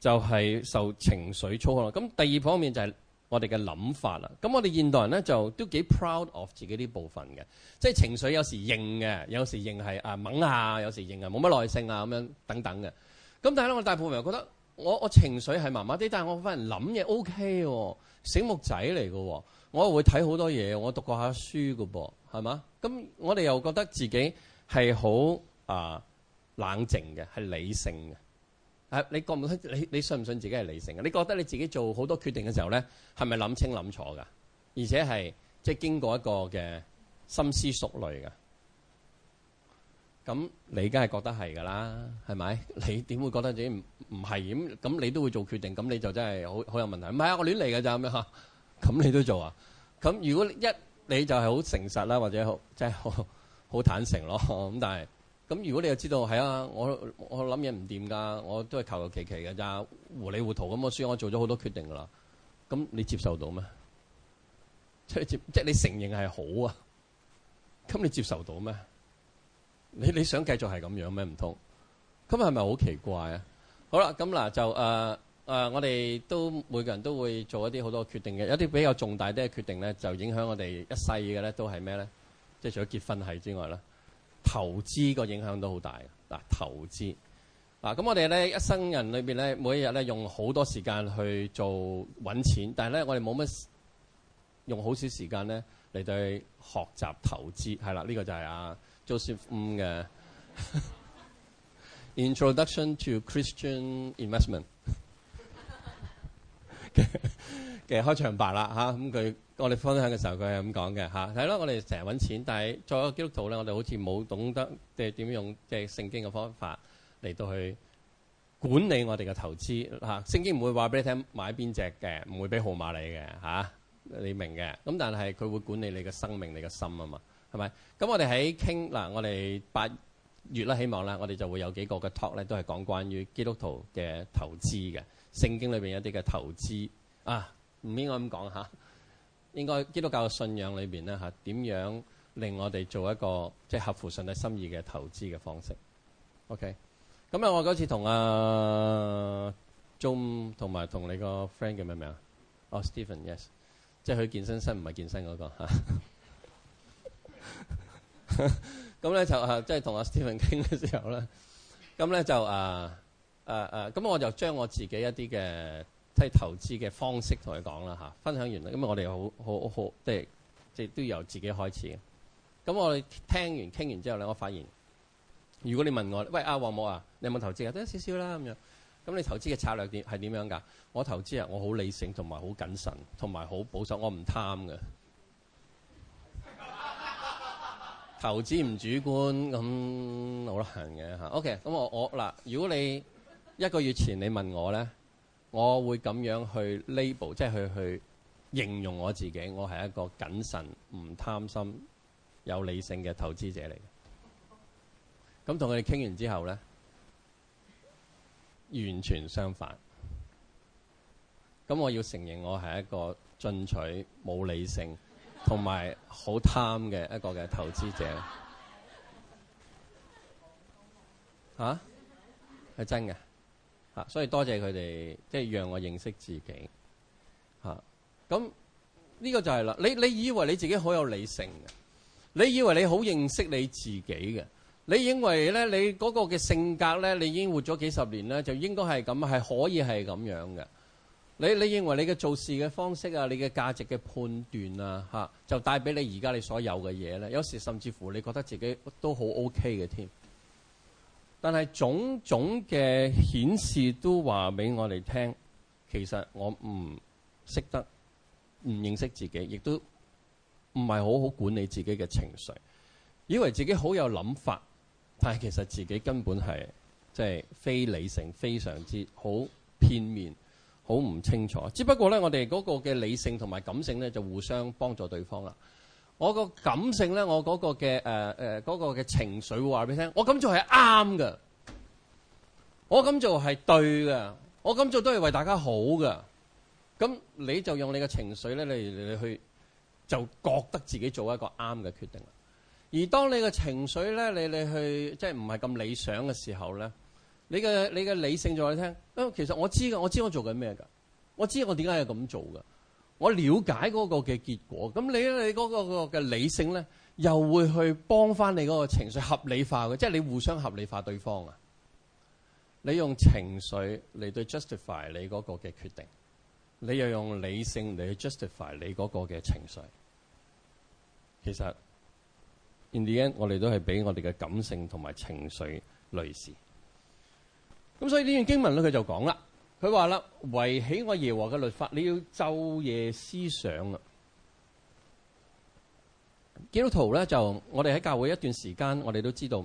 就係受情緒操控啦。咁第二方面就係我哋嘅諗法啦。咁我哋現代人咧就都幾 proud of 自己呢部分嘅，即係情緒有時認嘅，有時認係啊猛下，有時認係冇乜耐性啊咁樣等等嘅。咁但係呢，我大部分又覺得我我情緒係麻麻啲，但係我反而諗嘢 OK 喎，醒目仔嚟嘅喎，我又會睇好多嘢，我讀過下書嘅噃，係嘛？咁我哋又覺得自己，係好啊冷靜嘅，係理性嘅。誒，你覺唔得？你你信唔信自己係理性嘅？你覺得你自己做好多決定嘅時候咧，係咪諗清諗楚㗎？而且係即係經過一個嘅深思熟慮㗎。咁你梗係覺得係㗎啦，係咪？你點會覺得自己唔唔係咁？咁你都會做決定，咁你就真係好好有問題。唔係啊，我亂嚟㗎咋咁樣嚇？咁，啊，你都做啊？咁如果你一你就係好誠實啦，或者好即係好。好坦誠咯，咁但係，咁如果你又知道係啊，我我諗嘢唔掂噶，我都係求求其其嘅咋，糊裏糊塗咁我，所以我做咗好多決定噶啦，咁你接受到咩？即係接，即係你承認係好啊，咁你接受到咩？你你想繼續係咁樣咩？唔通，咁係咪好奇怪啊？好啦，咁嗱就誒誒、呃呃，我哋都每個人都會做一啲好多決定嘅，有啲比較重大啲嘅決定咧，就影響我哋一世嘅咧，都係咩咧？即係除咗結婚係之外咧，投資個影響都好大。嗱，投資，嗱，咁我哋咧一生人裏邊咧，每一日咧用好多時間去做揾錢，但係咧我哋冇乜用好少時間咧嚟對學習投資。係啦，呢個就係啊 Joseph 嗯嘅 *laughs* Introduction to Christian Investment。嘅嘅開場白啦嚇，咁佢我哋分享嘅時候是這樣的，佢係咁講嘅嚇。係咯，我哋成日揾錢，但係作為一個基督徒咧，我哋好似冇懂得即係點樣用即係聖經嘅方法嚟到去管理我哋嘅投資嚇。聖經唔會話俾你聽買邊隻嘅，唔會俾號碼你嘅嚇。你明嘅。咁但係佢會管理你嘅生命、你嘅心啊嘛，係咪？咁我哋喺傾嗱，我哋八月啦，希望啦，我哋就會有幾個嘅 talk 咧，都係講關於基督徒嘅投資嘅。聖經裏邊有啲嘅投資啊，唔應該咁講嚇。應該基督教嘅信仰裏邊咧嚇，點樣令我哋做一個即係合乎上帝心意嘅投資嘅方式？OK 咁啊。咁、uh, 啊，我嗰次同阿鐘同埋同你、oh, 個 friend 叫咩名啊？哦，Stephen，yes，即係去健身室唔係健身嗰、嗰個咁咧 *laughs* *laughs* 就啊，即係同阿 Stephen 傾嘅時候咧，咁咧就啊。Uh, 誒、啊、誒，咁、啊、我就將我自己一啲嘅即係投資嘅方式同你講啦嚇、啊，分享完啦。咁我哋好好好，即係即係都由自己開始嘅。咁我哋聽完傾完之後咧，我發現如果你問我，喂阿、啊、黃母黃牧啊，你有冇投資啊？得少少啦咁樣。咁你投資嘅策略點係點樣㗎？我投資啊，我好理性同埋好謹慎，同埋好保守，我唔貪嘅。 *laughs* 投資唔主觀，咁好難嘅嚇、啊。OK，咁我我嗱、啊，如果你一個月前你問我呢，我會咁樣去 label，即係去去形容我自己，我係一個謹慎、唔貪心、有理性嘅投資者嚟嘅。咁同佢哋傾完之後呢，完全相反。咁我要承認，我係一個進取、冇理性同埋好貪嘅一個嘅投資者。吓、啊？係真嘅？啊！所以多謝佢哋，即係讓我認識自己。嚇，咁呢個就係啦。你你以為你自己好有理性嘅，你以為你好認識你自己嘅，你認為咧你嗰個嘅性格咧，你已經活咗幾十年咧，就應該係咁，係可以係咁樣嘅。你你認為你嘅做事嘅方式啊，你嘅價值嘅判斷啊，嚇就帶俾你而家你所有嘅嘢咧，有時甚至乎你覺得自己都好 OK 嘅添。但係種種嘅顯示都話俾我哋聽，其實我唔識得，唔認識自己，亦都唔係好好管理自己嘅情緒。以為自己好有諗法，但係其實自己根本係即係非理性，非常之好片面，好唔清楚。只不過呢，我哋嗰個嘅理性同埋感性呢，就互相幫助對方啦。我個感性咧，我嗰個嘅、呃呃、嗰個嘅情緒會話俾你聽，我咁做係啱噶，我咁做係對噶，我咁做都係為大家好噶。咁你就用你嘅情緒咧你，你去，就覺得自己做一個啱嘅決定。而當你嘅情緒咧，你你去即係唔係咁理想嘅時候咧，你嘅你嘅理性就話你聽，其實我知嘅，我知我做緊咩㗎，我知我點解要咁做㗎。我了解嗰個嘅結果，咁你你嗰個個嘅理性咧，又會去幫翻你嗰個情緒合理化嘅，即係你互相合理化對方啊！你用情緒嚟，對 justify 你嗰個嘅決定，你又用理性嚟去 justify 你嗰個嘅情緒。其實 in the end，我哋都係俾我哋嘅感性同埋情緒累事。咁所以呢段經文咧，佢就講啦。佢話啦：圍起我耶和華嘅律法，你要晝夜思想啊！基督徒咧就，我哋喺教會一段時間，我哋都知道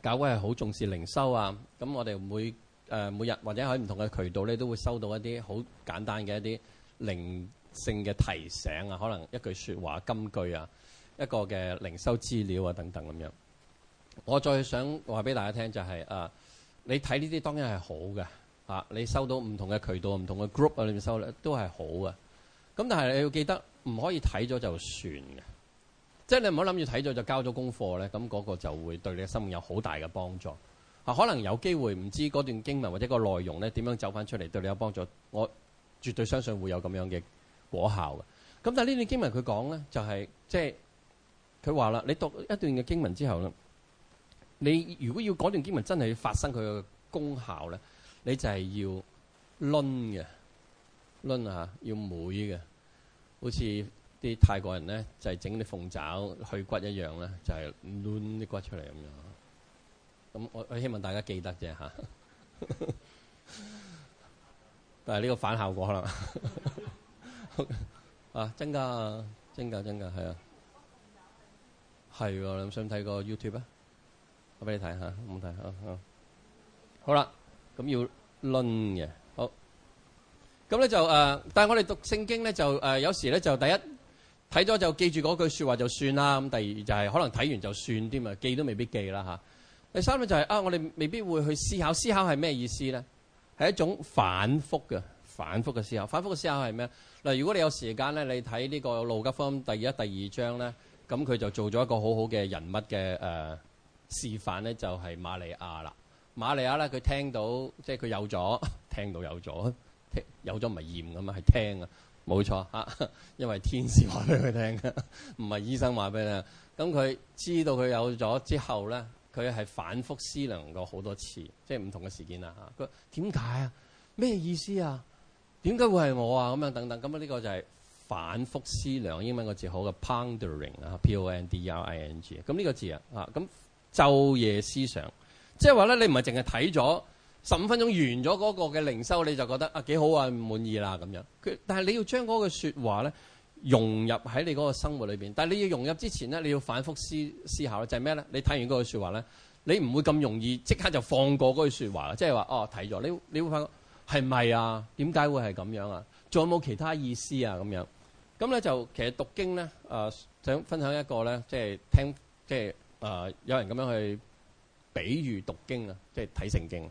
教會係好重視靈修啊。咁我哋每、呃、每日或者喺唔同嘅渠道咧，你都會收到一啲好簡單嘅一啲靈性嘅提醒啊，可能一句說話、金句啊，一個嘅靈修資料啊等等咁樣。我再想話俾大家聽就係、是、啊、呃、你睇呢啲當然係好嘅。啊！你收到唔同嘅渠道、唔同嘅 group 啊，你收咧都係好嘅。咁但係你要記得，唔可以睇咗就算嘅，即係你唔好諗住睇咗就交咗功課咧。咁嗰個就會對你嘅生命有好大嘅幫助。啊，可能有機會唔知嗰段經文或者個內容咧點樣走翻出嚟，對你有幫助。我絕對相信會有咁樣嘅果效嘅。咁但係呢段經文佢講咧，就係即係佢話啦，你讀一段嘅經文之後咧，你如果要嗰段經文真係發生佢嘅功效咧。你就係要撚嘅，撚啊，要每嘅，好似啲泰國人咧就係整啲鳳爪去骨一樣咧，就係撚啲骨出嚟咁樣。咁我希望大家記得啫吓、啊，但係呢個反效果啦，啊，真噶，真噶，真噶，係啊，係啊，你想唔想睇個 YouTube 啊？我俾你睇下，唔睇下。好啦。好好咁要論嘅，好。咁咧就但我哋讀聖經咧就有時咧就第一睇咗就記住嗰句說話就算啦。咁第二就係可能睇完就算啲嘛，記都未必記啦吓。第三咧就係、是、啊，我哋未必會去思考思考係咩意思咧？係一種反覆嘅反覆嘅思考，反覆嘅思考係咩？嗱，如果你有時間咧，你睇呢、這個路加福音第一第二章咧，咁佢就做咗一個好好嘅人物嘅、呃、示範咧，就係、是、瑪利亞啦。馬利亞咧，佢聽到，即係佢有咗，聽到有咗，有咗唔係驗噶嘛，係聽啊，冇錯啊，因為天使話俾佢聽嘅，唔 *laughs* 係醫生話俾你聽。咁佢知道佢有咗之後咧，佢係反覆思量過好多次，即係唔同嘅事件啊。佢點解啊？咩意思啊？點解會係我啊？咁樣等等。咁啊，呢個就係反覆思量英文個字好嘅 pondering 啊，p-o-n-d-r-i-n-g。咁呢個字啊，啊咁晝夜思想。即係話咧，你唔係淨係睇咗十五分鐘完咗嗰個嘅靈修，你就覺得啊，幾好啊，滿意啦咁樣。佢，但係你要將嗰句説話咧融入喺你嗰個生活裏面。但係你要融入之前咧，你要反覆思思考就係咩咧？你睇完嗰句説話咧，你唔會咁容易即刻就放過嗰句說話啦。即係話哦，睇、啊、咗你，你會發覺係咪啊？點解會係咁樣啊？仲有冇其他意思啊？咁樣咁咧就其實讀經咧，誒、呃、想分享一個咧，即、就、係、是、聽，即、就、係、是呃、有人咁樣去。比如讀經啊，即係睇聖經。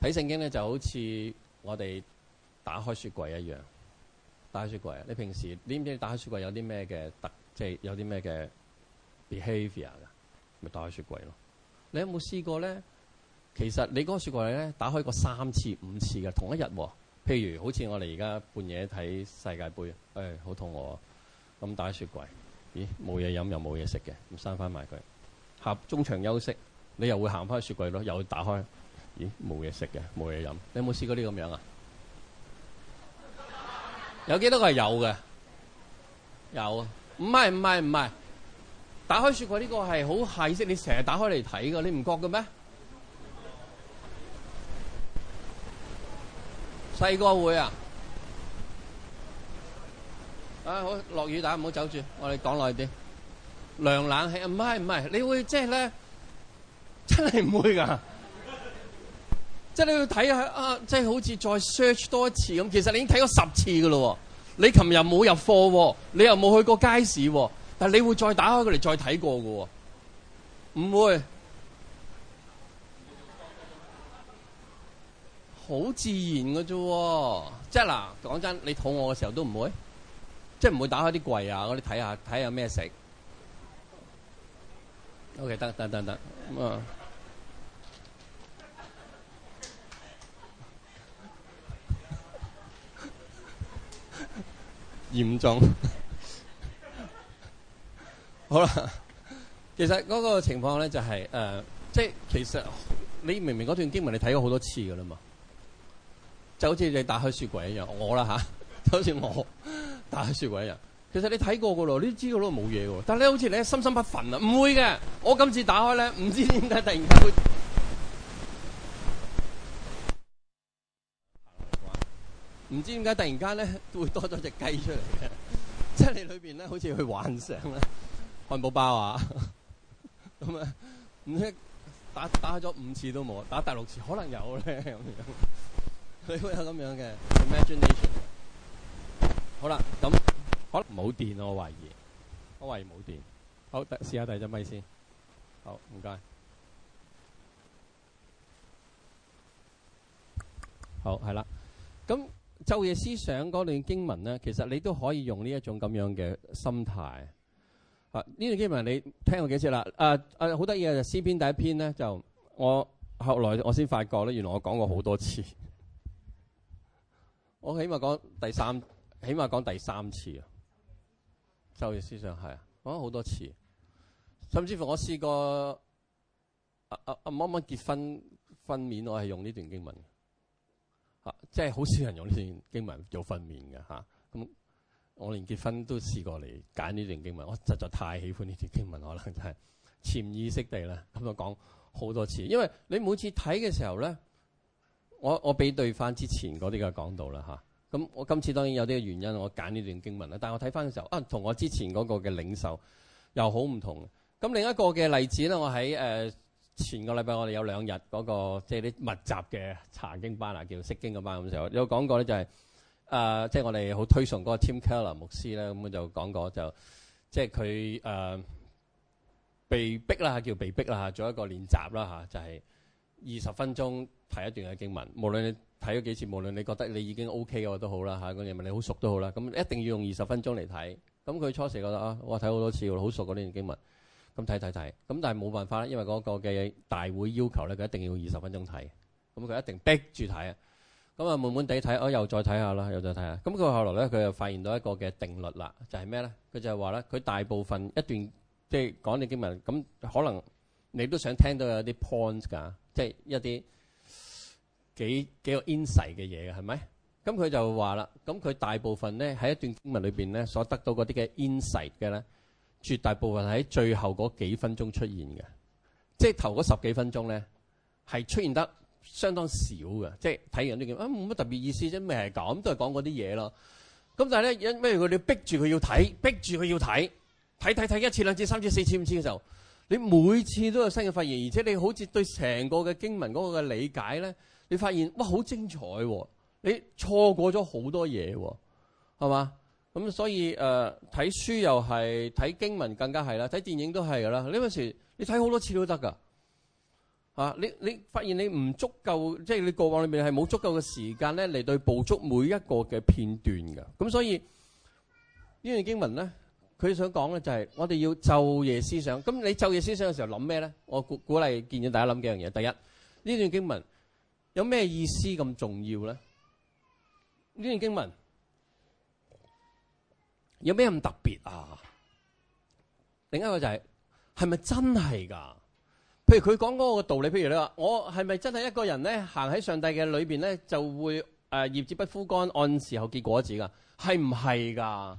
睇聖經咧就好似我哋打開雪櫃一樣。打開雪櫃啊，你平時你知唔知你打，、就是、打開雪櫃有啲咩嘅特，即係有啲咩嘅 behavior 㗎，咪打開雪櫃咯。你有冇試過咧？其實你嗰個雪櫃咧打開過三次、五次嘅同一日、啊。譬如好似我哋而家半夜睇世界盃，誒好肚餓、啊，咁打開雪櫃，咦冇嘢飲又冇嘢食嘅，咁閂翻埋佢。合中場休息。你又會行翻去雪櫃咯，又會打開？咦，冇嘢食嘅，冇嘢飲。你有冇試過呢咁樣啊？有幾多個係有嘅？有啊，唔係唔係唔係。打開雪櫃呢個係好係式，你成日打開嚟睇噶，你唔覺嘅咩？細個會啊！啊，好落雨打唔好走住，我哋講耐啲。涼冷氣唔係唔係，你會即係咧。真係唔會噶， *laughs* 即係你要睇下啊，即係好似再 search 多一次咁。其實你已經睇過十次嘅咯，你琴日冇入貨，你又冇去過街市，但係你會再打開佢嚟再睇過㗎喎，唔會，好 *laughs* 自然嘅啫。即係嗱，講真，你肚餓嘅時候都唔會，即係唔會打開啲櫃啊，我哋睇下睇下咩食。OK，得得得得啊。嚴重， *laughs* 好啦，其實嗰個情況咧就係、是、誒、呃，即係其實你明明嗰段經文你睇過好多次嘅啦嘛，就好似你打開雪櫃一樣，我啦吓、啊，就好似我打開雪櫃一樣。其實你睇過嘅咯，你都知道嗰度冇嘢喎，但係咧好似你心心不忿啊，唔會嘅，我今次打開咧，唔知點解突然間會。唔知點解突然間咧都會多咗隻雞出嚟嘅，即係你裏面咧好似去幻想咧漢堡包啊咁啊！唔識 *laughs* 打打咗五次都冇，打第六次可能有咧咁樣，佢會有咁樣嘅 imagination。好啦，咁可能冇電，我懷疑，我懷疑冇電。好，試下第二隻咪先。好，唔該。好，係啦，咁。晝夜思想嗰段經文咧，其實你都可以用呢一種咁樣嘅心態。啊，呢段經文你聽過幾次啦？啊啊，好得意嘅就詩篇第一篇咧，就我後來我先發覺咧，原來我講過好多次。我起碼講第三，起碼講第三次。晝夜思想係啊，講咗好多次，甚至乎我試過啊啊啊！啱啱結婚婚面我係用呢段經文。即係好少人用呢段經文做婚宴嘅嚇。咁、啊、我連結婚都試過嚟揀呢段經文。我實在太喜歡呢段經文，可能真係潛意識地咧，咁我講好多次。因為你每次睇嘅時候咧，我我俾對翻之前嗰啲嘅講道啦嚇。咁、啊、我今次當然有啲原因，我揀呢段經文啦。但係我睇翻嘅時候啊，同我之前嗰個嘅領袖又好唔同。咁另一個嘅例子咧，我喺誒。呃前個禮拜我哋有兩日嗰個即係啲密集嘅查經班啊，叫識經嗰班，咁時候有講過咧、就係呃，就係即係我哋好推崇嗰個 Tim Keller 牧師咧，咁就講過就即係佢被逼啦，叫被逼啦，做一個練習啦，就係二十分鐘睇一段嘅經文，無論你睇咗幾次，無論你覺得你已經 OK 嘅都好啦，嗰個經文你好熟都好啦，咁一定要用二十分鐘嚟睇。咁佢初時覺得啊，我睇好多次，我好熟嗰段經文。咁睇睇睇，咁但係冇辦法啦，因為嗰個嘅大會要求咧，佢一定要二十分鐘睇，咁佢一定逼住睇啊。咁啊，悶悶地睇，我又再睇下啦，又再睇下。咁佢後來咧，佢又發現到一個嘅定律啦，就係咩咧？佢就係話咧，佢大部分一段即係講你經文，咁可能你都想聽到有啲 point，㗎，即係一啲幾幾個 insight 嘅嘢嘅係咪？咁佢就話啦，咁佢大部分咧，喺一段經文裏邊咧，所得到嗰啲嘅 insight 嘅咧。絕大部分係喺最後嗰幾分鐘出現嘅，即係頭嗰十幾分鐘咧，係出現得相當少嘅。即係睇完啲嘢，啊冇乜特別意思啫，咩係咁，都係講嗰啲嘢咯。咁但係咧，因為如果你逼住佢要睇，逼住佢要睇，睇睇睇一次兩次三次四次五次嘅時候，你每次都有新嘅發現，而且你好似對成個嘅經文嗰個嘅理解咧，你發現哇好精彩喎，啊！你錯過咗好多嘢喎，啊，係嘛？咁所以誒，睇書又係睇經文更加係啦，睇電影都係啦。呢陣時你睇好多次都得噶嚇，你你發現你唔足夠，即係你過往裏面係冇足夠嘅時間咧嚟對捕捉每一個嘅片段嘅。咁所以呢段經文咧，佢想講咧就係我哋要晝夜思想。咁你晝夜思想嘅時候諗咩咧？我鼓鼓勵建議大家諗幾樣嘢。第一，呢段經文有咩意思咁重要咧？呢段經文。有咩咁特別啊？另一個就係、是，係咪真係噶、啊？譬如佢講嗰個道理，譬如你話，我係咪真係一個人咧行喺上帝嘅裏面咧就會誒、呃、葉子不枯乾，按時候結果子噶？係唔係噶？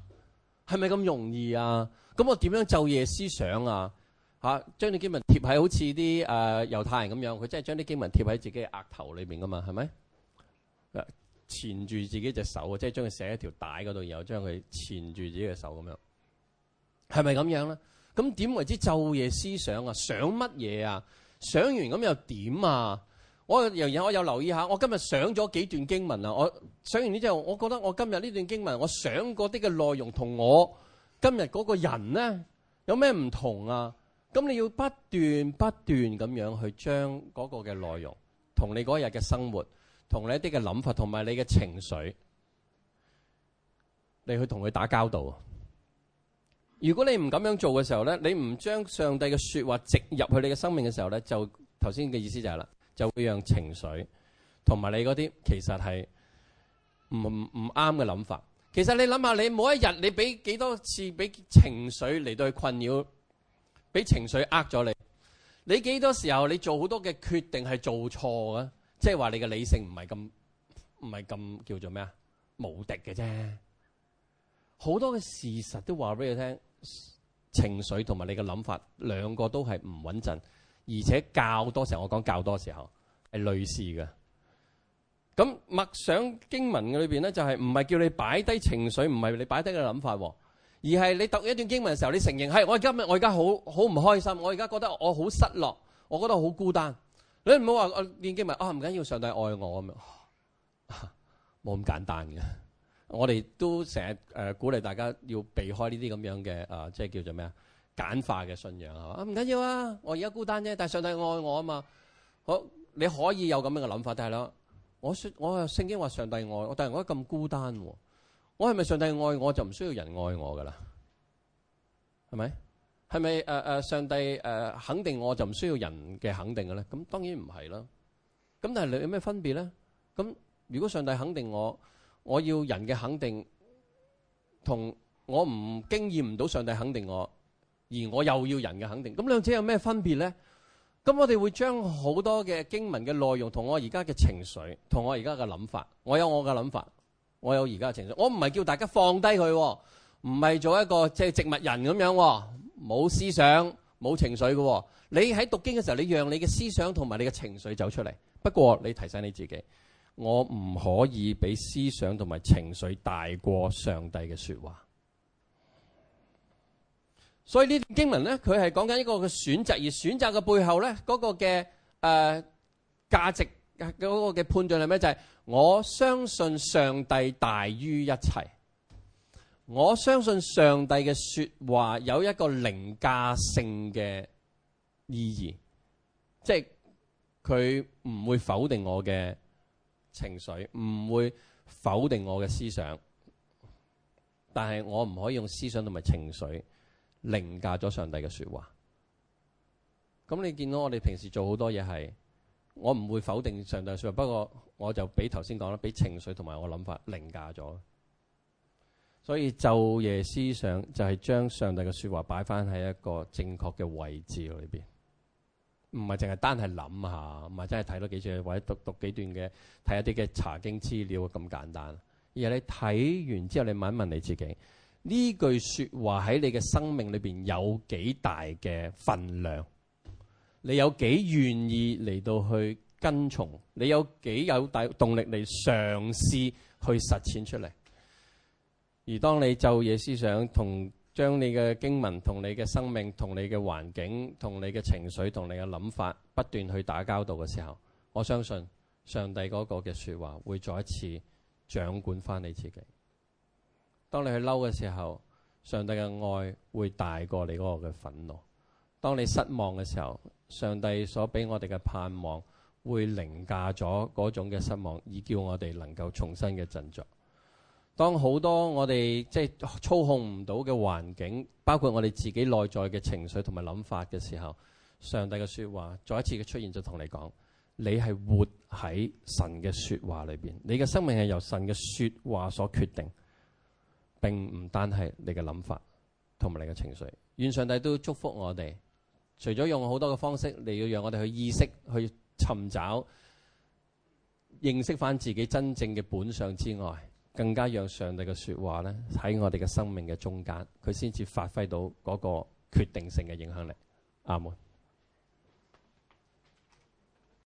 係咪咁容易啊？咁我點樣晝夜思想啊？將、啊、啲經文貼喺好似啲誒猶太人咁樣，佢真係將啲經文貼喺自己額頭裏面噶嘛？係咪？纏住自己隻手啊，即係將佢寫喺條帶嗰度，然後將佢纏住自己嘅手咁樣，係咪咁樣咧？咁點為之晝夜思想啊？想乜嘢啊？想完咁又點啊？我又然我有留意下，我今日想咗幾段經文啊？我想完呢之後，我覺得我今日呢段經文，我想嗰啲嘅內容同我今日嗰個人呢，有咩唔同啊？咁你要不斷不斷咁樣去將嗰個嘅內容同你嗰日嘅生活。同你一啲嘅諗法，同埋你嘅情緒，你去同佢打交道。如果你唔咁樣做嘅時候咧，你唔將上帝嘅說話植入去你嘅生命嘅時候咧，就頭先嘅意思就係啦，就會讓情緒同埋你嗰啲其實係唔唔啱嘅諗法。其實你諗下，你每一日你俾幾多次俾情緒嚟到去困擾，俾情緒呃咗你，你幾多時候你做好多嘅決定係做錯啊？即係話你嘅理性唔係咁，唔係咁叫做咩啊？無敵嘅啫。好多嘅事實都話俾你聽，情緒同埋你嘅諗法兩個都係唔穩陣，而且較多時候我講較多時候係類似嘅。咁默想經文嘅裏邊咧，就係唔係叫你擺低情緒，唔係你擺低嘅諗法，而係你讀一段經文嘅時候，你承認係我而家咪我而家好好唔開心，我而家覺得我好失落，我覺得好孤單。你唔好話我念經文啊，唔緊要，上帝愛我咁樣，冇、啊、咁簡單嘅。我哋都成日誒鼓勵大家要避開呢啲咁樣嘅啊，即係叫做咩啊？簡化嘅信仰係嘛？唔緊要啊，我而家孤單啫，但係上帝愛我啊嘛。好，你可以有咁樣嘅諗法，但係啦，我我聖經話上帝愛我，但係我咁孤單喎、啊，我係咪上帝愛我就唔需要人愛我噶啦？係咪？係咪誒上帝、呃、肯定我就唔需要人嘅肯定嘅咧？咁當然唔係啦。咁但係你有咩分別咧？咁如果上帝肯定我，我要人嘅肯定，同我唔經驗唔到上帝肯定我，而我又要人嘅肯定，咁兩者有咩分別咧？咁我哋會將好多嘅經文嘅內容同我而家嘅情緒，同我而家嘅諗法，我有我嘅諗法，我有而家嘅情緒。我唔係叫大家放低佢、哦，唔係做一個即係植物人咁樣、哦。冇思想、冇情緒嘅、喎、你喺讀經嘅時候，你讓你嘅思想同埋你嘅情緒走出嚟。不過你提醒你自己，我唔可以俾思想同埋情緒大過上帝嘅說話。所以呢段經文咧，佢係講緊一個嘅選擇，而選擇嘅背後咧，嗰個嘅誒、呃、價值、嗰個嘅判斷係咩？就係、是、我相信上帝大於一切。我相信上帝嘅說話有一個凌駕性嘅意義，即係佢唔會否定我嘅情緒，唔會否定我嘅思想，但係我唔可以用思想同埋情緒凌駕咗上帝嘅說話。咁你見到我哋平時做好多嘢係，我唔會否定上帝嘅說話，不過我就比頭先講啦，俾情緒同埋我諗法凌駕咗。所以晝夜思想就係、是、將上帝嘅說話擺翻喺一個正確嘅位置裏邊，唔係淨係單係諗下，唔係真係睇多幾段或者讀讀幾段嘅睇一啲嘅查經資料咁簡單。而係你睇完之後，你問一問你自己：呢句說話喺你嘅生命裏邊有幾大嘅分量？你有幾願意嚟到去跟從？你有幾有大動力嚟嘗試去實踐出嚟？而當你晝夜思想同將你嘅經文、同你嘅生命、同你嘅環境、同你嘅情緒、同你嘅諗法不斷去打交道嘅時候，我相信上帝嗰個嘅説話會再一次掌管翻你自己。當你去嬲嘅時候，上帝嘅愛會大過你嗰個嘅憤怒；當你失望嘅時候，上帝所俾我哋嘅盼望會凌駕咗嗰種嘅失望，以叫我哋能夠重新嘅振作。當好多我哋即係操控唔到嘅環境，包括我哋自己內在嘅情緒同埋諗法嘅時候，上帝嘅說話再一次嘅出現就同你講：你係活喺神嘅說話裏邊，你嘅生命係由神嘅說話所決定，並唔單係你嘅諗法同埋你嘅情緒。願上帝都祝福我哋，除咗用好多嘅方式，你要讓我哋去意識去尋找，認識返自己真正嘅本相之外。更加讓上帝嘅說話咧，喺我哋嘅生命嘅中間，佢先至發揮到嗰個決定性嘅影響力，阿門。